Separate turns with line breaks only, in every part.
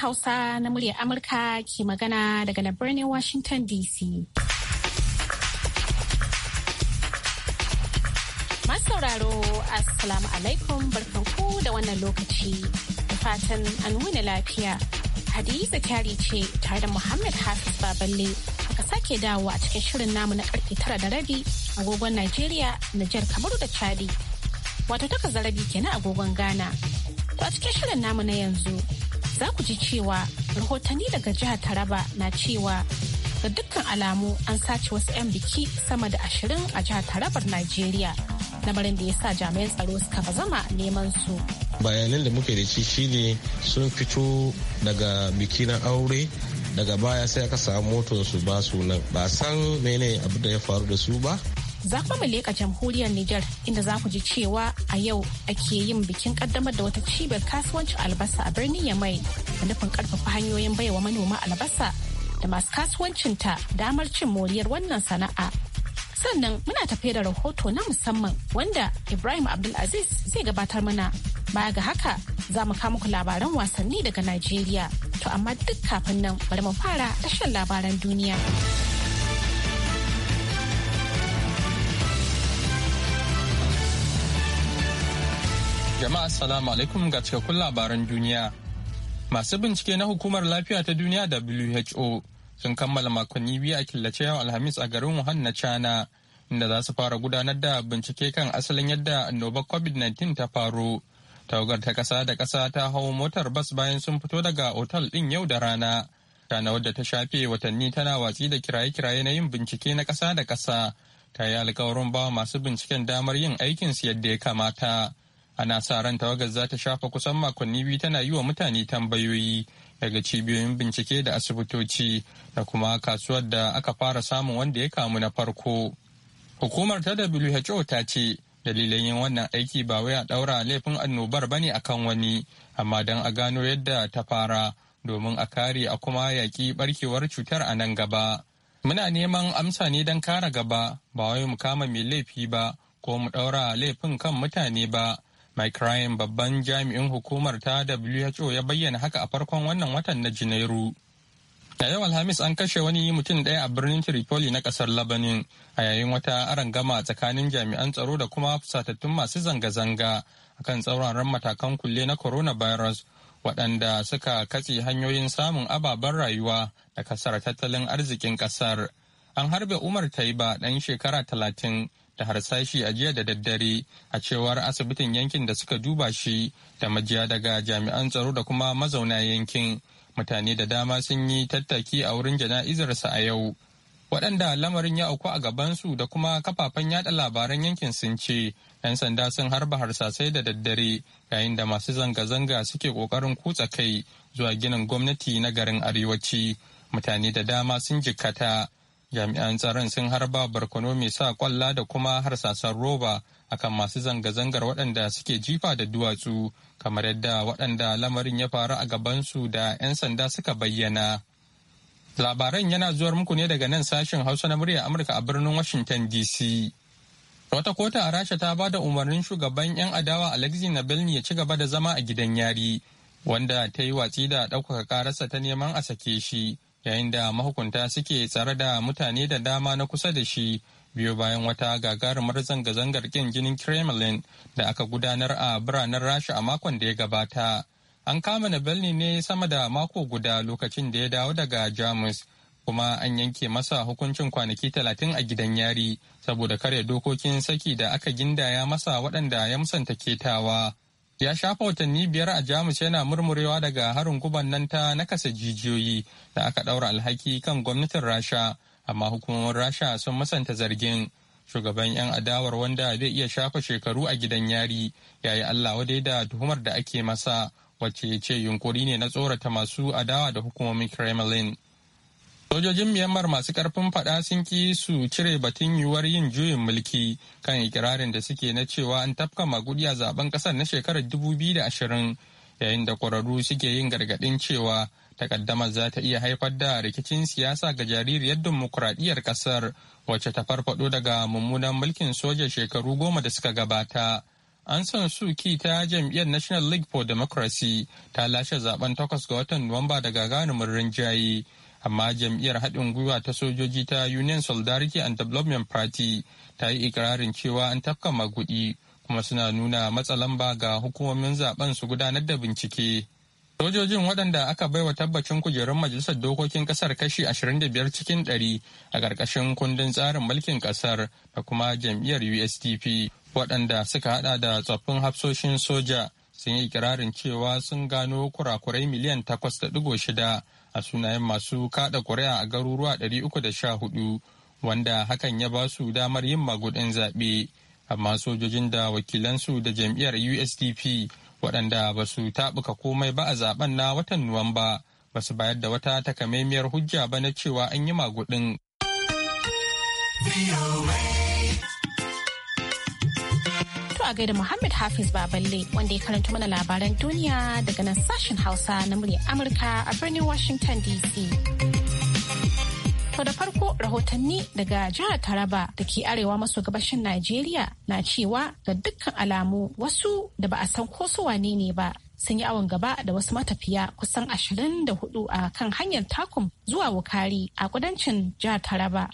Hausa na muryar Amurka ke magana daga na birnin Washington DC. Masu sauraro, Assalamu alaikum barkanku da wannan lokaci. Da fatan an nuna lafiya. Hadiza kyari ce tare da Muhammad Hafiz Baballe aka sake dawo a cikin shirin namu na karfe tara da rabi agogon Najeriya, Nijar, Kamaru da Chadi. Wato takwas da rabi kenan agogon Ghana. To a cikin shirin namu na yanzu za ku ji cewa rahotanni daga jihar Taraba na cewa ga dukkan alamu an sace wasu 'yan biki sama da ashirin a jihar Tarabar Najeriya. na barin da ya sa jami'an tsaro suka zama neman su.
Bayanan da muke da shi shine sun fito daga biki na aure daga baya sai aka samu motar su ba su nan ba san mene abu da ya faru da su ba
za kuma mu leƙa jamhuriyar Nijar inda za ku ji cewa a yau ake yin bikin kaddamar da wata cibiyar kasuwancin albasa a birnin Yamai da nufin karfafa hanyoyin bai wa manoma albasa da masu kasuwancinta damar cin moriyar wannan sana'a. Sannan muna tafe da rahoto na musamman wanda Ibrahim Abdulaziz zai gabatar mana. Baya ga haka za mu kama labaran wasanni daga Najeriya. To amma duk kafin nan bari mu fara tashin labaran duniya.
Jama'a salamu alaikum ga cikakkun labaran duniya. Masu bincike na hukumar lafiya ta duniya WHO sun kammala makonni biyu a killace yau Alhamis a garin Wuhan na China inda za su fara gudanar da bincike kan asalin yadda annobar COVID-19 ta faru Tawagar ta kasa da kasa ta hau motar bas bayan sun fito daga otal ɗin yau da rana. Tana wadda ta shafe watanni tana watsi da kiraye-kiraye na yin bincike na kasa da kasa Ta yi alkawarin ba masu binciken damar yin aikin su yadda ya kamata. ana sa ran tawagar za ta shafa kusan makonni biyu tana yi wa mutane tambayoyi daga cibiyoyin bincike da asibitoci da kuma kasuwar da aka fara samun wanda ya kamu na farko hukumar ta who ta ce dalilan yin wannan aiki ba wai a ɗaura laifin annobar bane akan wani amma don a gano yadda ta fara domin a kare a kuma yaƙi barkewar cutar a nan gaba muna neman amsa ne don kare gaba ba wai mu kama mai laifi ba ko mu daura laifin kan mutane ba Mike Ryan babban jami'in hukumar ta WHO ya bayyana haka a farkon wannan watan na Janairu. A yau Alhamis an kashe wani mutum ɗaya a birnin Tripoli na ƙasar Labanin a yayin wata arangama tsakanin jami'an tsaro da kuma fusatattun masu zanga-zanga a akan tsauraran matakan kulle na coronavirus waɗanda suka katse hanyoyin samun ababen rayuwa da kasar tattalin arzikin ƙasar. An harbe Umar Taiba ɗan shekara talatin da harsashi a jiya da daddare a cewar asibitin yankin da suka duba shi da majiya daga jami'an tsaro da kuma mazauna yankin mutane da dama sun yi tattaki a wurin jana'izarsa a yau waɗanda lamarin ya auku a gabansu da kuma kafafen yada labaran yankin sun ce 'yan sanda sun harba harsasai da daddare yayin da masu zanga-zanga suke ƙoƙarin kutsa kai zuwa ginin gwamnati na garin arewaci mutane da dama sun jikkata jami'an tsaron sun harba barkono mai sa kwalla da kuma harsasan roba akan masu zanga-zangar waɗanda suke jifa da duwatsu kamar yadda waɗanda lamarin ya faru a gabansu da 'yan sanda suka bayyana labaran yana zuwar muku ne daga nan sashen hausa na murya amurka a birnin washington dc wata kota a rasha ta ba da umarnin shugaban 'yan adawa na navalny ya ci gaba da zama a gidan yari wanda ta yi watsi da ɗaukaka karasa ta neman a sake shi yayin da mahukunta suke tsare da mutane da dama na kusa da shi biyo bayan wata gagarumar zanga-zangar kin jinin kremlin da aka gudanar a biranen rasha a makon da ya gabata an kama berlin ne sama da mako guda lokacin da ya dawo daga jamus kuma an yanke masa hukuncin kwanaki talatin a gidan yari saboda karya dokokin saki da aka gindaya masa waɗanda ya musanta ketawa ya shafa watanni biyar a jamus yana murmurewa daga harin guban nan ta nakasa jijiyoyi da aka daura alhaki kan gwamnatin rasha amma hukumomin rasha sun musanta zargin shugaban 'yan adawar wanda zai iya shafa shekaru a gidan yari ya yi allah wadai da tuhumar da ake masa wacce ya ce yunkuri ne na tsorata masu adawa da hukumomin kremlin Sojojin Myanmar masu karfin fada sun ki su cire batun yiwuwar yin juyin mulki kan ikirarin da suke na cewa an tafka maguɗi a zaben kasar na shekarar 2020 yayin da kwararru suke yin gargadin cewa takaddamar za ta iya haifar da rikicin siyasa ga jaririyar dimokuraɗiyyar kasar wacce ta farfado daga mummunan mulkin soja shekaru goma da suka gabata. An san su ki ta jam'iyyar National League for Democracy ta lashe zaben takwas ga watan Nuwamba daga ganumin rinjaye amma jam'iyyar haɗin gwiwa ta sojoji ta union solidarity and development party ta yi ikirarin cewa an tafka magudi kuma suna nuna matsalan ba ga hukumomin zaben su gudanar da bincike sojojin waɗanda aka baiwa tabbacin kujerun majalisar dokokin ƙasar kashi 25 cikin 100 a ƙarƙashin kundin tsarin mulkin ƙasar da kuma jam'iyyar usdp waɗanda suka hada da tsoffin hafsoshin soja sun yi ikirarin cewa sun gano kurakurai miliyan 8.6 a sunayen masu kada kuri'a a garuruwa 314 wanda hakan ya ba su damar yin magudin zaɓe amma sojojin da wakilansu da jam'iyyar usdp waɗanda ba su taɓuka komai ba a zaben na watan nuwamba ba su bayar da wata takamaimiyar hujja ba na cewa an yi magudin.
a gaida Muhammad Hafiz Baballe wanda ya karanta mana labaran duniya daga nan sashen Hausa na muryar Amurka a birnin Washington DC. To da farko rahotanni daga jihar Taraba da ke arewa maso gabashin Najeriya na cewa ga dukkan alamu wasu da ba a san ko su wane ne ba sun yi awon gaba da wasu matafiya kusan ashirin da 24 a kan hanyar takum zuwa wukari a kudancin jihar Taraba.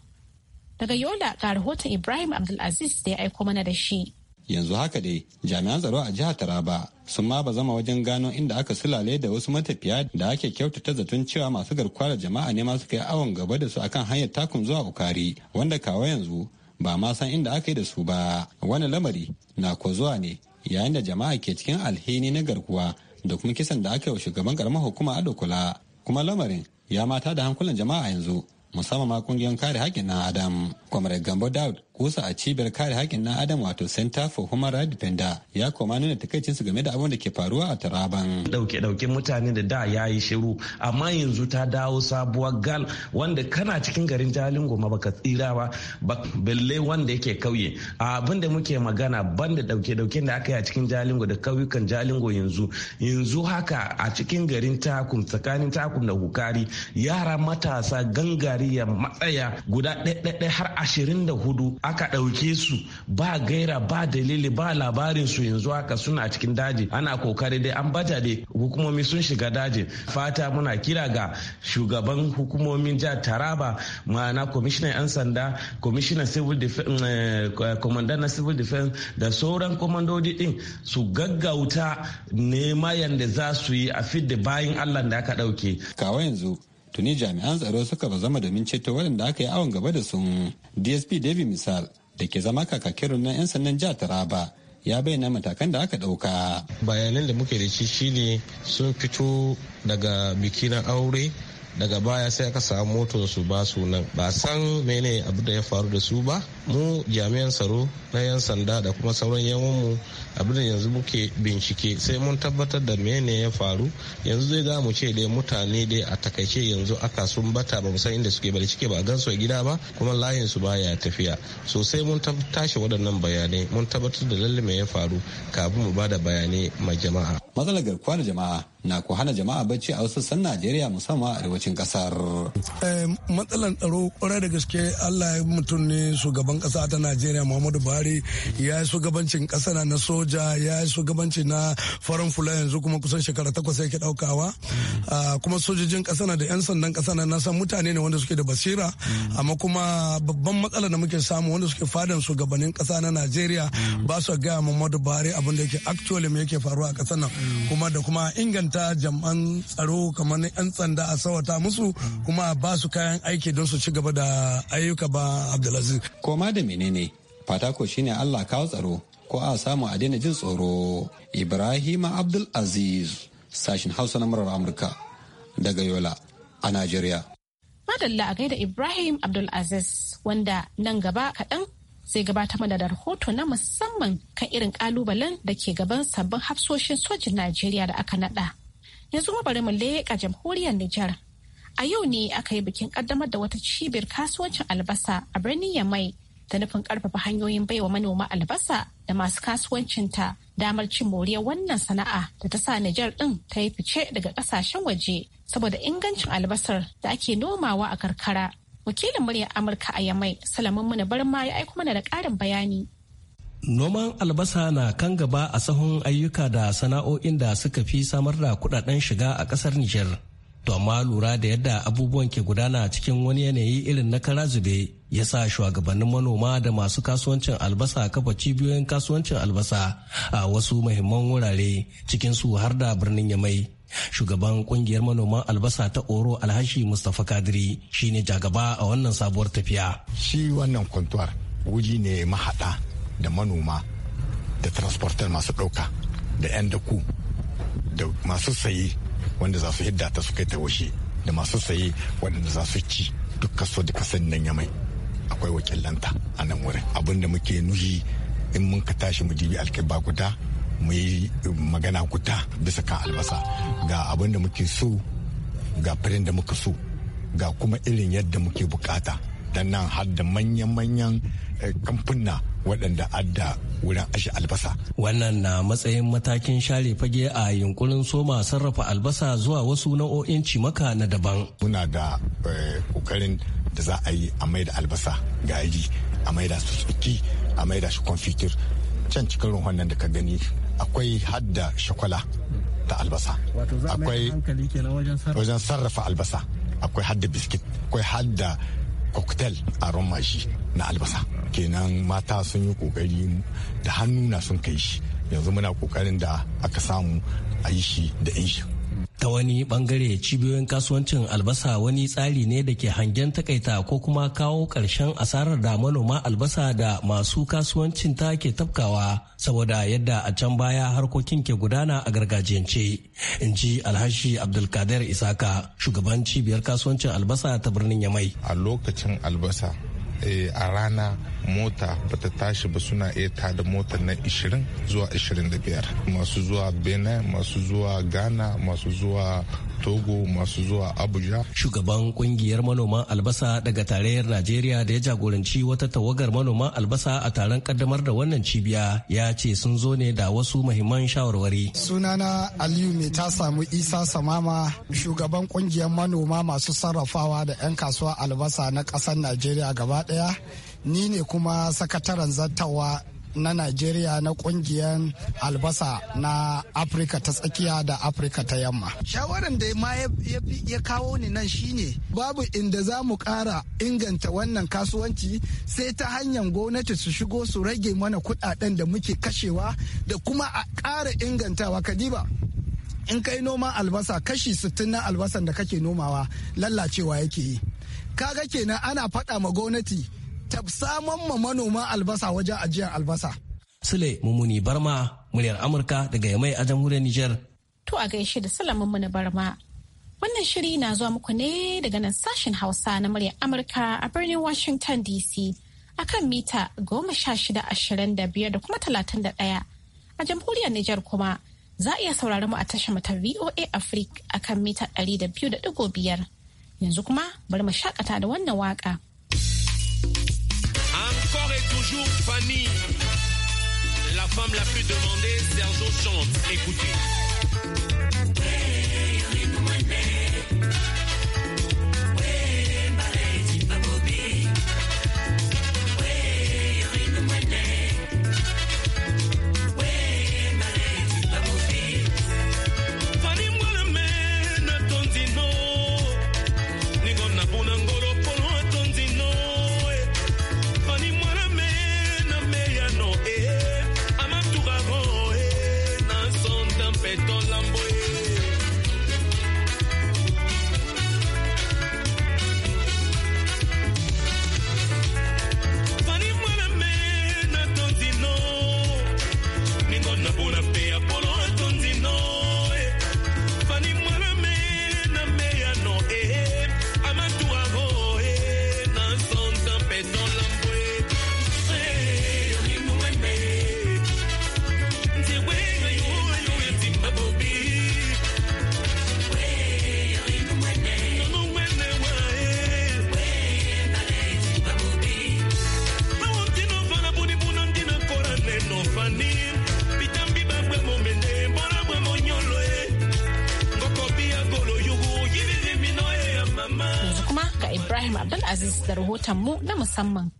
Daga Yola ga rahoton Ibrahim Abdulaziz da ya aiko mana da shi.
yanzu haka dai jami'an tsaro a jihar taraba sun ma ba zama wajen gano inda aka sulale da wasu matafiya da ake kyautata zaton cewa masu garkuwa da jama'a ne masu suka awon gaba da su akan hanyar takun zuwa ukari wanda kawo yanzu ba ma san inda aka yi da su ba wani lamari na ko zuwa ne yayin da jama'a ke cikin alhini na garkuwa da kuma kisan da aka yi wa shugaban karamar hukuma ado kula kuma lamarin ya mata da hankulan jama'a yanzu musamman ma kungiyar kare haƙƙin na adam kwamar gambo daud kusa a cibiyar kare haƙƙin ɗan adam wato center for human rights defender ya koma nuna takaicin su game da abin da ke faruwa a taraban dauke dauke mutane da da ya yi shiru amma yanzu ta dawo sabuwa gal
wanda kana cikin garin jalingo goma baka tsira ba balle wanda yake kauye abin da muke magana banda dauke dauke da aka yi a cikin jalingo da kauyukan jalingo yanzu yanzu haka a cikin garin takum tsakanin takum da hukari yara matasa gangariya matsaya guda ɗaya har ashirin da hudu aka ɗauke su ba gaira ba dalili ba labarin su yanzu haka suna cikin daji ana kokari dai an bata dai hukumomi sun shiga daji fata muna kira ga shugaban hukumomin jihar taraba ma'ana kwamishinan 'yan sanda kwamishinan civil defense mm, eh, na civil defense da sauran kwamandodi din su gaggauta nema
yadda za su yi a fidda bayan allah da aka ɗauke tuni jami'an tsaro suka ba zama domin ceto waɗanda aka yi awon gaba da su dsp david misal da ke zama kakakin na 'yan sandan jihar taraba ya bayyana matakan da aka ɗauka.
bayanan da muke da shi shine sun fito daga biki na aure daga baya sai aka samu motar su ba su nan ba san mene abu da ya faru da su ba mu jami'an tsaro na yan sanda da kuma sauran yawan mu abu da yanzu muke bincike sai mun tabbatar da mene ya faru yanzu zai za mu ce dai mutane dai a takaice yanzu aka sun bata ba san inda suke bari cike ba gan su a gida ba kuma layin su baya tafiya sosai mun tashi waɗannan
bayanai mun tabbatar da lalle me ya faru kafin mu bada bayanai ma jama'a matsalar garkuwa da jama'a na ku hana jama'a bacci a wasu sassan Najeriya musamman a arewacin kasar. Eh,
matsalar tsaro kwarai da gaske Allah ya mutum ne shugaban kasa ta Najeriya Muhammadu Buhari ya yi shugabancin kasa na soja ya yi shugabanci na farin fula yanzu kuma kusan shekara takwas yake daukawa ah, kuma sojojin kasa na da 'yan sandan kasa na na san mutane ne wanda suke da basira amma kuma babban matsala da muke samu wanda suke fadan shugabannin kasa na Najeriya ba su gaya Muhammadu Buhari abin da yake actually me yake faruwa a kasar nan kuma da kuma inganta ta jam'an tsaro kamar na 'yan tsanda a sawata musu kuma a ba su kayan aiki don su ci gaba da ayyuka ba
abdulaziz koma da menene fata ko shine allah kawo tsaro ko a samu a daina jin tsoro ibrahim abdulaziz sashin hausa na murar amurka daga yola a najeriya
madalla a gaida ibrahim abdulaziz wanda nan gaba kaɗan zai gabatar mana da rahoto na musamman kan irin kalubalen da ke gaban sabbin hafsoshin sojin Najeriya da aka naɗa. yanzu kuma bari mu leƙa jamhuriyar Nijar. A yau ne aka yi bikin ƙaddamar da wata cibiyar kasuwancin albasa a birnin Yamai da nufin ƙarfafa hanyoyin bai wa manoma albasa da masu kasuwancinta damar cin moriyar wannan sana'a da ta sa Nijar ɗin ta yi fice daga ƙasashen waje saboda ingancin albasar da ake nomawa a karkara. Wakilin muryar Amurka a Yamai, Salamun Muna Barma ya aiko mana da ƙarin bayani.
Noman albasa na kan gaba a sahun ayyuka da sana'o'in da suka fi samar da kudaden shiga a kasar Nijar. To amma lura da yadda abubuwan ke gudana cikin wani yanayi irin na kara zube ya sa shugabannin manoma da masu kasuwancin albasa kafa cibiyoyin kasuwancin albasa a wasu mahimman wurare cikin su har da birnin Yamai. shugaban kungiyar manoman albasa ta oro alhashi mustapha kadiri shine
jagaba a wannan sabuwar tafiya shi wannan kwantuwar wuji ne mahaɗa da manoma da transporter masu ɗauka da 'yan daku da masu saye wanda za su hidda ta su kai ta washe da masu saye wanda za su ci duk kaso da kasan nan mai akwai wakilanta a nan wurin abin da muke nuhi in mun ka tashi mu dibi alkiba guda mu yi magana guda bisa kan albasa ga abin da muke so ga firin da muka so ga kuma irin yadda muke bukata dan nan har da manyan-manyan eh, kamfuna waɗanda adda wurin ashe albasa.
Wannan na matsayin matakin share fage a yunkurin
soma sarrafa albasa zuwa wasu nau'o'in cimaka na daban. Muna da kokarin eh, da za a yi a maida albasa gari a maida su tsuki a maida shi konfitir can cikin ruhon nan da ka gani akwai hadda shakwala ta albasa akwai wajen sarrafa albasa akwai hadda biskit akwai hadda cocktail a ron na albasa kenan mata sun yi kokari da hannu na sun kai shi yanzu muna kokarin da aka samu a yi shi
da shi.
ta wani bangare cibiyoyin kasuwancin albasa wani tsari ne da ke hangen takaita ko kuma kawo ƙarshen asarar da manoma albasa da masu kasuwancin ta ke tafkawa saboda yadda a can baya harkokin ke gudana a gargajiyance in ji alhashi abdulkadir isaka shugaban cibiyar kasuwancin albasa ta birnin
yamai a lokacin albasa Eh, a rana mota bata tashi ba suna iya tada mota na 20 zuwa 25 masu zuwa benin masu zuwa ghana masu zuwa togo masu zuwa abuja shugaban kungiyar manoman
albasa daga tarayyar najeriya da ya jagoranci wata tawagar manoman albasa a taron kaddamar da wannan cibiya ya ce sun zo ne da wasu mahimman shawarwari
sunana aliyu mai ta samu isa samama shugaban kungiyar manoma masu sarrafawa da 'yan kasuwa albasa na ƙasar najeriya gaba ɗaya ni ne kuma sakataren zartawa na Najeriya na kungiyar albasa na Afirka ta tsakiya da Afirka ta yamma. Shawaran da ma ya kawo ni nan shine babu inda za mu kara inganta wannan kasuwanci sai ta hanyar gwamnati su shigo su rage mana kuɗaɗen da muke kashewa da kuma a ƙara ingantawa kadiba. In kai noman albasa kashi sittin na albasan da kake nomawa lallacewa yake yi. Kaga kenan ana faɗa ma gwamnati tafsaman ma manoma albasa wajen ajiyar
albasa. Sule Mumuni Barma, muryar Amurka daga Yamai a jamhuriyar Nijar.
To a gaishe da Sule Mumuni Barma. Wannan shiri na zuwa muku ne daga nan sashen Hausa na muryar Amurka a birnin Washington DC a kan mita goma sha shida ashirin da biyar da kuma talatin da ɗaya. A jamhuriyar Nijar kuma za a iya saurari mu a tashar mata VOA Africa a kan mita ɗari da biyu da ɗigo biyar. Yanzu kuma bari mu shakata da wannan waƙa.
Bonjour famille, La femme la plus demandée, Sergio chante. Écoutez.
Ibrahim Abdulaziz da rahoton mu na musamman.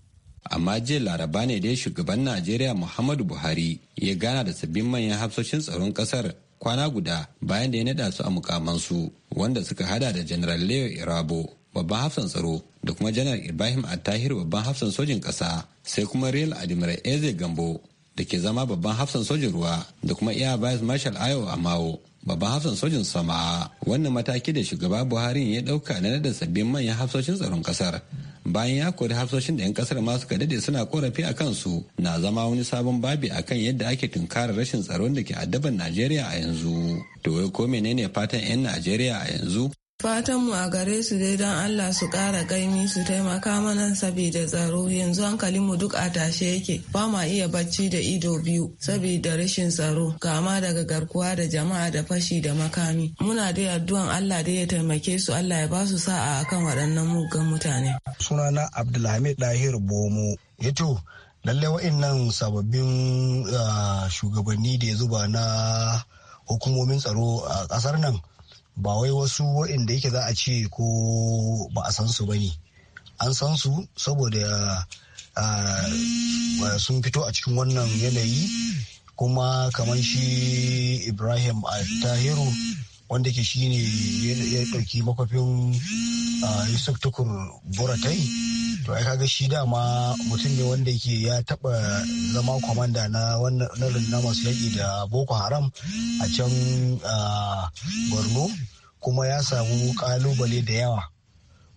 Amma jiya laraba ne dai shugaban Najeriya Muhammadu Buhari ya gana da sabbin manyan hafsoshin tsaron kasar kwana guda bayan da ya naɗa su a mukamansu wanda suka hada da General Leo Irabo babban hafsan tsaro da kuma janar ibrahim attahir babban hafsan sojin kasa sai kuma real admiral eze gambo da ke zama babban hafsan sojin ruwa da kuma iya vice marshal ayo amawo babban hafsan sojin sama wannan mataki da shugaba buhari ya dauka na da sabbin manyan hafsoshin tsaron kasar bayan ya kori hafsoshin da 'yan kasar masu ka dade suna korafi a kansu na zama wani sabon babi akan yadda ake tunkarar rashin tsaron da ke addaban najeriya a yanzu to ko menene fatan 'yan najeriya a yanzu
Fatanmu a gare su dai don Allah su ƙara gaimi su taimaka mana saboda tsaro yanzu hankalinmu duk a tashe yake ba ma iya bacci da ido biyu saboda rashin tsaro kama daga garkuwa da jama'a da fashi da makami. Muna dai addu'an Allah dai ya taimake su Allah ya ba su sa'a akan waɗannan mugan mutane.
Sunana Abdulhamid Dahir Bomo. Yato lallai wa'innan sababbin ah, shugabanni da ya zuba na hukumomin tsaro a ƙasar nan. ba wai wasu waɗanda yake za a ce ko ba a san su ba ne an san su saboda sun fito a cikin wannan yanayi kuma kamar shi ibrahim tahiru wanda ke ne ya ɗauki makwafin yusuf tukur boratai to ai kaga shi dama mutum ne wanda yake ya taɓa zama kwamanda na wannan na masu yaƙi da boko haram a can borno kuma ya samu ƙalubale da yawa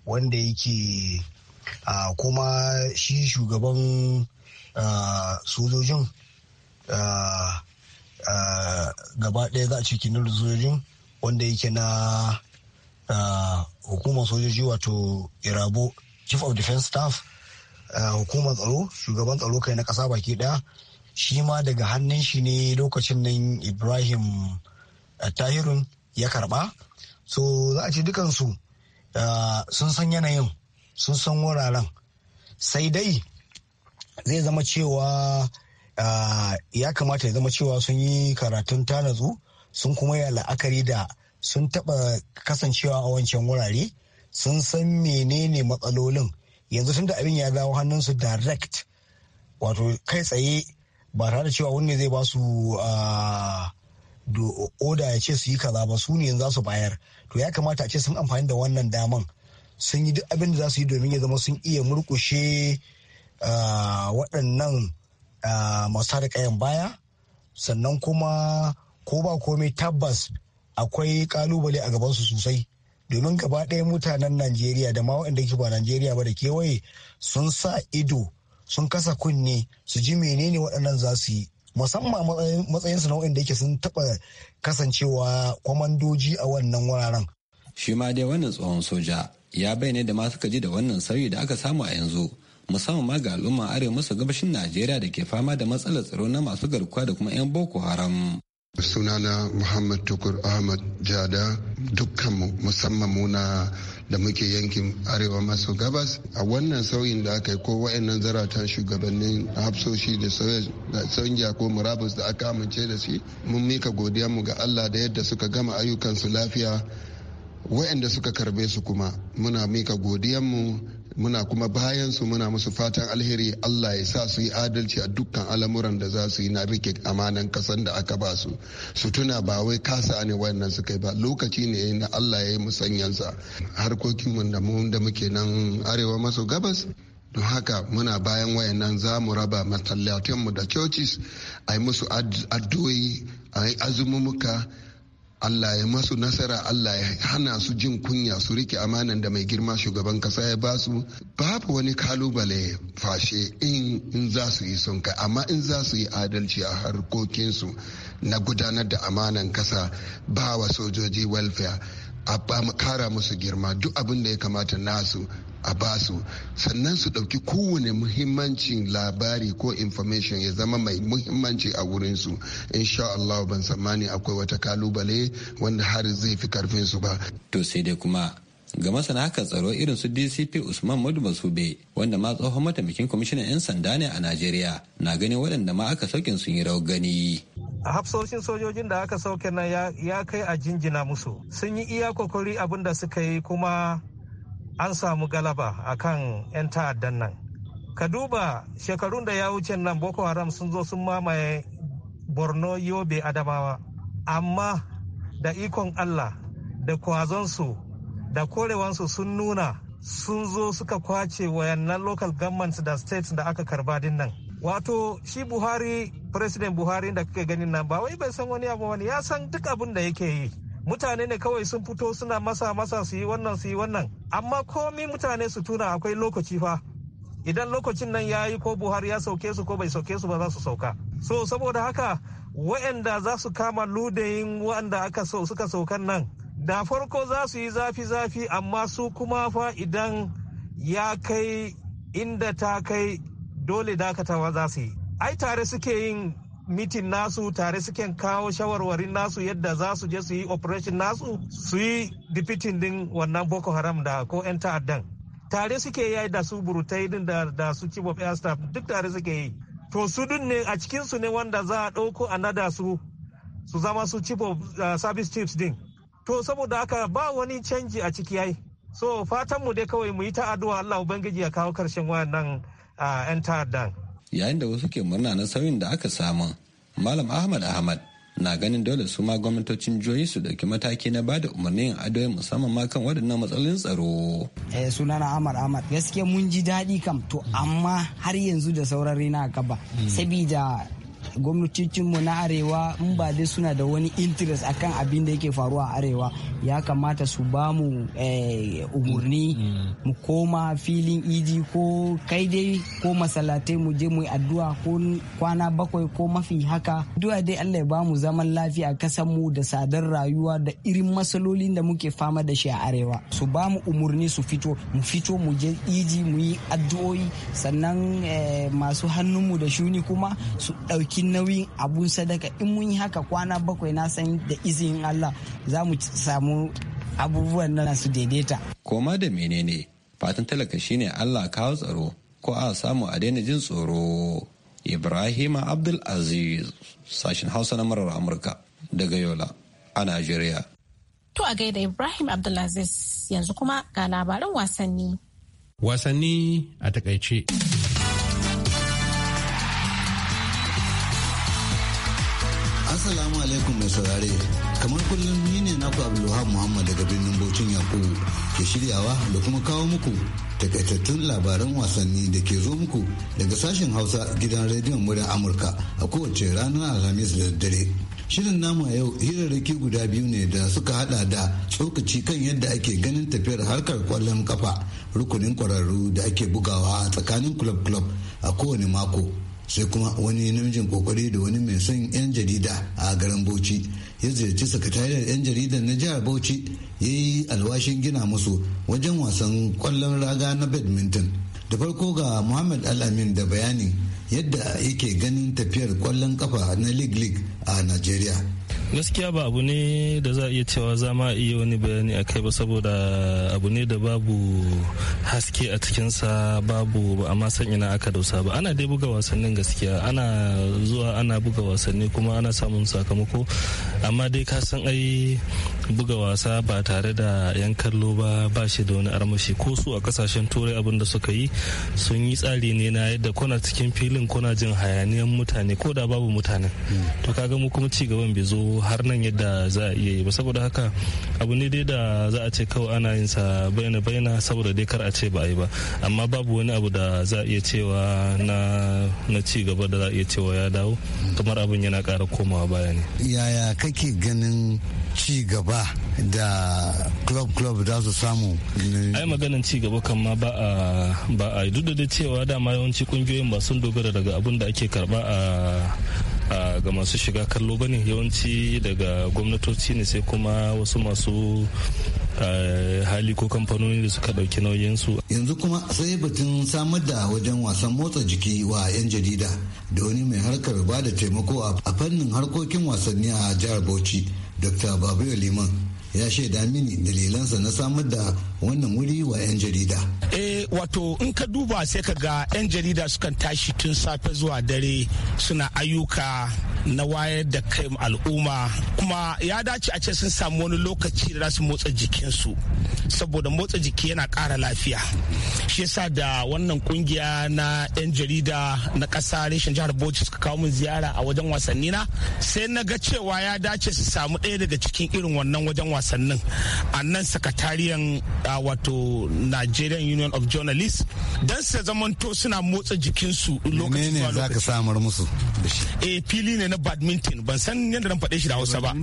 wanda yake kuma shi shugaban sojojin gaba ɗaya za a cikin kinar sojojin wanda yake na hukumar sojoji wato irabo chief of defense staff eh, hukumar tsaro shugaban tsaro kai na ƙasa baki ɗaya shi ma daga hannun shi ne lokacin nan ibrahim eh, tahirun ya karba so za a ce dukansu eh, sun san yanayin sun san wuraren sai dai zai zama cewa ya kamata ya zama cewa sun yi karatun tanatsu sun kuma yi la'akari da sun taɓa kasancewa a wancan wurare sun san menene matsalolin yanzu tun da abin ya dawo hannunsu direct wato kai tsaye ba tare da cewa wani zai ba su ah, oda ya ce su yi kaza ba su ne yanzu za su bayar to ya kamata a ce sun amfani da wannan daman sun yi duk abin da za su yi domin ya zama sun iya murkushe ah, waɗannan ah, masu baya sannan kuma ko ba komai tabbas akwai kalubale a gabansu sosai domin gaba ɗaya mutanen najeriya da ma waɗanda ke ba najeriya ba da kewaye sun sa ido sun kasa kunne su ji menene waɗannan za su yi musamman matsayinsu na waɗanda yake sun taɓa kasancewa kwamandoji a wannan wuraren.
shi ma dai wannan tsohon soja ya bayyana da masu ji da wannan sauyi da aka samu a yanzu musamman ma ga al'umma arewa maso gabashin najeriya da ke fama da matsalar tsaro na masu garkuwa da kuma 'yan boko haram
sunana muhammad tukur ahmad jada dukkanmu musamman muna da muke yankin arewa maso gabas a wannan sauyin da aka yi ko wa'annan zaratan shugabannin hafsoshi da sauyin ko murabus da aka amince da shi mun mika mu ga allah da yadda suka gama ayyukansu lafiya wa'anda suka karbe su kuma muna mika mu muna kuma bayan su muna musu fatan alheri Allah ya sa su yi adalci a dukkan al'amuran da za su yi na rike amanan kasan da aka ba su su tuna ba wai kasa ne wayannan suka kai ba lokaci ne na Allah ya yi musanyansa harkokin mun da mu da muke nan arewa maso gabas don haka muna bayan wayannan za mu raba mu da churches a musu addu'o'i ai yi azumumuka Allah ya masu nasara Allah ya hana su jin kunya su rike amanan da mai girma shugaban kasa ya ba su babu wani kalubale fashe in in za su yi son kai amma in za su yi adalci a harkokinsu na gudanar da amanan kasa ba wa sojoji welfare a kara musu girma duk abin da ya kamata nasu a basu sannan su ɗauki kowane muhimmancin labari ko information ya zama mai muhimmanci a wurinsu insha Allah ban tsammani akwai wata kalubale wanda har zai fi karfin su ba
to sai dai kuma ga masana haka tsaro irin su dcp usman madu masube wanda ma tsohon mataimakin kwamishinan 'yan sanda ne a najeriya na gani waɗanda ma aka saukin sun yi rawar gani
a hafsoshin sojojin da aka sauke nan ya kai a jinjina musu sun yi iya kokari abin da suka yi kuma an samu galaba a kan 'yan ta'addan nan ka duba shekarun da ya wuce nan boko haram sun zo sun mamaye borno yobe adamawa amma da ikon allah da kwazonsu da korewansu sun nuna sun zo suka kwace wayannan local government da states da aka karba din nan wato shi buhari president buhari da kake ganin nan ba wai bai san wani abu wani ya san duk abin da yake yi mutane ne kawai sun fito suna masa masa su yi wannan su yi wannan amma komi mutane su tuna akwai lokaci fa idan lokacin nan ya yi ko buhari ya sauke su ko bai sauke su ba za su sauka so saboda haka wa'anda za su kama ludayin wa'anda aka so suka saukan nan da farko za su yi zafi-zafi amma su kuma fa idan ya kai inda ta kai dole dakatawa za su yi ai tare suke yin mitin nasu tare suke kawo shawarwari nasu yadda za su je su yi operation nasu su yi dipitin din wannan boko haram da ko 'yan ta'addan tare suke yi da su burutai din da, da su chief of air staff duk tare suke yi to su din ne a cikin su ne wanda za a dauko a su su zama su chief of uh, service chiefs din to saboda haka ba wani canji a ciki yayi so fatan mu dai kawai mu yi ta Allah ubangiji ya kawo karshen wayannan 'yan uh, ta'addan
yayin da wasu ke murna na sauyin da aka samu malam ahmad ahmad na ganin dole su ma gwamnatocin jihohi su dauki mataki na ba da umarnin adoyin musamman ma kan waɗannan matsalolin tsaro.
Eh sunana Ahmad Ahmad gaskiya mun ji daɗi kam to amma har yanzu da saurari na gaba. Hmm. Sabida gwamnatocinmu na arewa in ba dai suna da wani interest akan abin da yake faruwa a arewa ya kamata su ba mu eh, umurni mm. mu koma filin iji ko kai dai ko masalatai mu je mu yi addu'a ko kwana bakwai ko mafi haka addu'a dai Allah ya ba mu zaman lafiya kasan mu da sadar rayuwa da irin masalolin da muke fama da shi a arewa su ba mu umurni su fito mu fito mu je idi mu yi addu'o'i sannan eh, masu hannunmu da shuni kuma su ɗauki cikin nauyin abun sadaka in mun yi haka kwana bakwai na san da izinin Allah za mu samu abubuwan nan su daidaita.
Koma da menene fatan talaka shine Allah kawo tsaro ko a samu a daina jin tsoro. Ibrahima Abdul Aziz sashen Hausa na marar Amurka daga Yola a Najeriya.
To a gaida Ibrahim Abdulaziz yanzu kuma ga labaran wasanni.
Wasanni a takaice.
Assalamu alaikum mai saurare. Kamar kullum ni ne naku Abdulwahab Muhammad daga birnin Bocin Yakubu ke shiryawa da kuma kawo muku takaitattun labaran wasanni da ke zo muku daga sashen Hausa gidan rediyon muryar Amurka a kowace ranar Alhamis da dare Shirin namu a yau hirarraki guda biyu ne da suka hada da tsokaci kan yadda ake ganin tafiyar harkar kwallon kafa rukunin kwararru da ake bugawa a tsakanin club club a kowane mako sai kuma wani namijin kokari da wani mai son 'yan jarida a garin bauchi ya ziyarci sakatariyar 'yan jaridar na jihar bauchi ya yi alwashin gina musu wajen wasan kwallon raga na badminton da farko ga muhammad alamin da bayanin yadda yake ganin tafiyar kwallon kafa na league league a nigeria
gaskiya ba abu ne da za a iya cewa za ma iya wani bayani a kai ba saboda abu ne da babu haske a cikinsa babu ba amma san ina aka dausa ba ana dai buga wasannin gaskiya ana zuwa ana buga wasanni kuma ana samun sakamako amma dai ka san ai buga wasa ba tare da yan kallo ba ba shi da wani armashi ko su a kasashen turai abin da suka yi sun yi tsari ne na yadda kuna cikin filin kuna jin hayaniyan mutane ko da babu mutanen hmm. to kaga mu kuma ci gaban bai zo har nan yadda za a iya yi ba saboda haka abu ne dai da za a ce kawai ana yin sa baina baina saboda dai kar a ce ba a yi ba amma babu wani abu da za a iya cewa na ci gaba da za a iya cewa ya dawo kamar abin yana ƙara komawa baya ne yaya kake ganin ci gaba da club club da su samu ai maganin ci gaba kan ma ba ba a duk da cewa dama yawanci kungiyoyin ba sun dogara daga abin da ake karba a ga masu shiga kallo ba ne yawanci daga gwamnatoci ne sai kuma wasu masu eh, hali ko kamfanoni da suka ɗauki nauyinsu. yanzu kuma
sai batun samar da wajen wasan motsa jiki wa 'yan jarida da wani mai harkar ba da taimako a fannin harkokin wasanni a jihar bauchi dr babu liman ya shaida mini dalilansa na samar da wannan wuri wa 'yan jarida.
Eh wato in ka duba sai ka ga 'yan jarida sukan tashi tun safe zuwa dare suna ayyuka na wayar da kai al'umma kuma ya dace a ce sun samu wani lokaci da su motsa jikinsu saboda motsa jiki yana ƙara lafiya shi yasa da wannan kungiya na 'yan jarida na ƙasa reshen jihar bauchi suka kawo min ziyara a wajen wasanni na sai na ga cewa ya dace su samu ɗaya daga cikin irin wannan wajen wasannin a nan sakatariyan wato nigerian union of journalists don su zamanto suna motsa jikinsu za zuwa lokaci. musu? Eh fili ne na badminton ban san yadda nan faɗe shi da hausa ba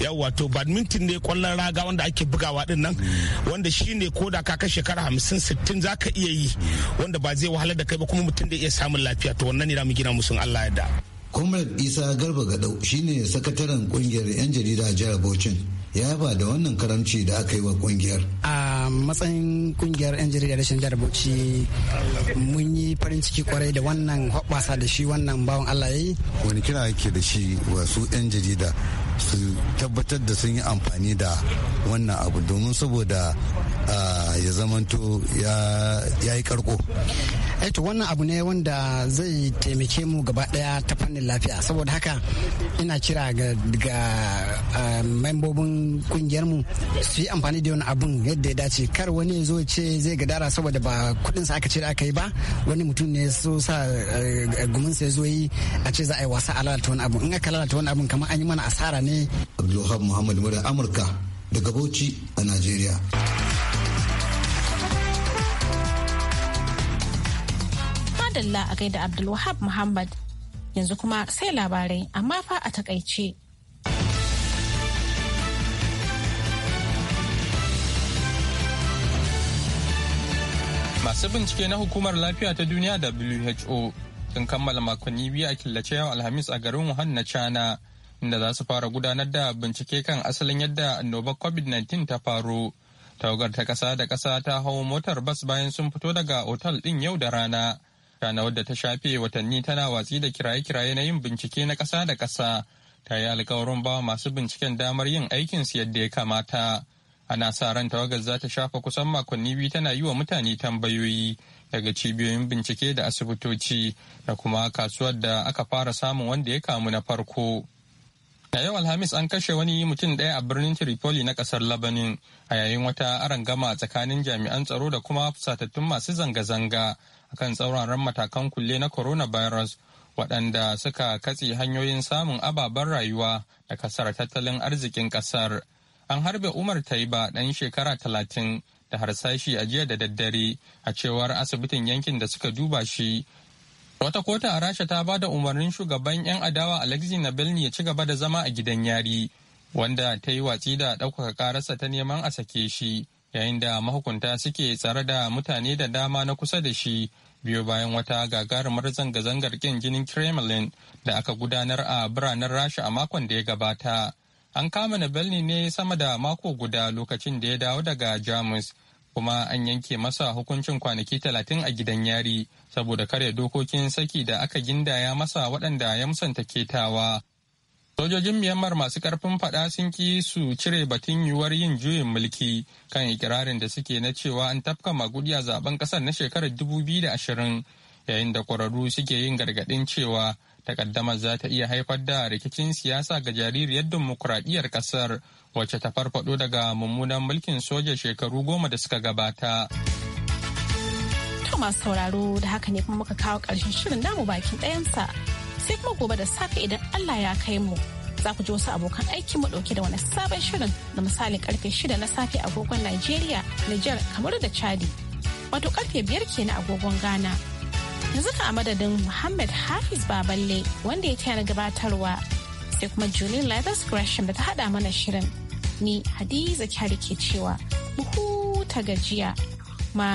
yawa to badminton ne kwallon raga wanda ake bugawa din nan hmm. wanda shi ne ko da ka kai shekara hamsin sittin za ka iya yi wanda ba zai wahala da kai ba kuma mutum da iya samun lafiya to wannan ne na mu gina musu allah ya da
comrade isa garba gadau shine sakataren kungiyar 'yan jarida jihar bauchin ya ba da wannan karamci da aka yi wa kungiyar.
A matsayin kungiyar 'yan jarida rashin jihar
mun yi farin ciki kwarai da wannan hoɓɓasa da shi wannan bawan Allah ya yi. Wani kira yake da shi wasu 'yan jarida su tabbatar da sun yi amfani da wannan abu domin saboda ya zamanto ya yi karko. Eh to wannan abu ne wanda zai taimake mu gaba daya ta fannin lafiya saboda haka ina kira ga membobin kungiyar mu su yi amfani da wani abun yadda ya dace kar wani ya zo ce zai gadara saboda ba kuɗin sa aka ce da aka yi ba wani mutum ne so sa eh, gumin sa zo yi a ce za a yi wasa a lalata wani abu in aka lalata wani abu kamar an yi mana asara ne. Abdulwahab Muhammad Mura Amurka daga Bauchi a Najeriya.
Madalla a gaida Abdulwahab Muhammad yanzu kuma sai labarai amma fa a takaice.
Masu bincike na hukumar lafiya ta duniya WHO sun kammala makonni biyu a killace yau Alhamis a garin Wuhan na China inda za su fara gudanar da bincike kan asalin yadda annobar COVID-19 ta faru Tawagar ta ƙasa da ƙasa ta hau motar bas bayan sun fito daga otal din yau da rana. Rana wadda ta shafe watanni tana watsi da kiraye-kiraye na yin bincike na ƙasa da ƙasa. Ta yi alkawarin ba masu binciken damar yin aikinsu yadda ya kamata. ana sa ran tawagar za ta shafa kusan makonni biyu tana yi wa mutane tambayoyi daga cibiyoyin bincike da asibitoci da kuma kasuwar da aka fara samun wanda ya kamu na farko a yau alhamis an kashe wani mutum ɗaya a birnin tripoli na ƙasar labanin a yayin wata arangama tsakanin jami'an tsaro da kuma fusatattun masu zanga-zanga akan tsauraran matakan kulle na coronavirus waɗanda suka katse hanyoyin samun ababen rayuwa da kasar tattalin arzikin ƙasar. an harbe umar taiba ɗan shekara talatin da harsashi a jiya da daddare a cewar asibitin yankin da suka duba shi wata kota a rasha ta ba da umarnin shugaban 'yan adawa na belni ya ci gaba da zama a gidan yari wanda ta yi watsi da ɗaukaka ƙararsa ta neman a sake shi yayin da mahukunta suke tsare da mutane da dama na kusa da shi biyo bayan wata gagarumar zanga-zangar ƙin jinin kremlin da aka gudanar a biranen rasha a makon da ya gabata An kama na Navalny ne sama da mako guda lokacin da ya dawo daga Jamus kuma an yanke masa hukuncin kwanaki talatin a gidan yari saboda karya dokokin saki da aka gindaya masa waɗanda ya musanta ketawa. Sojojin Myanmar masu karfin faɗa sun ki su cire batun yiwuwar yin juyin mulki kan ikirarin da suke na cewa an tafka magudi a zaben ƙasar na shekarar dubu biyu da ashirin yayin da kwararru suke yin gargaɗin cewa takaddamar za ta iya haifar da rikicin siyasa ga jaririyar dimokuraɗiyyar ƙasar wacce ta farfaɗo daga mummunan mulkin soja shekaru goma da suka gabata.
To masu sauraro da haka ne kuma muka kawo ƙarshen shirin namu bakin ɗayansa sai kuma gobe da safe idan Allah ya kai mu. Za ku ji wasu abokan aiki mu ɗauke da wani sabon shirin da misalin karfe shida na safe agogon Najeriya, Nijar, kamar da Chadi. Wato karfe biyar kenan agogon Ghana. yanzu ka a madadin Muhammad Hafiz Baballe wanda ya na gabatarwa sai kuma Julie Leathers Gresham da ta hada mana shirin. Ni Hadiza Kyari ke cewa, buhu ta gajiya, ma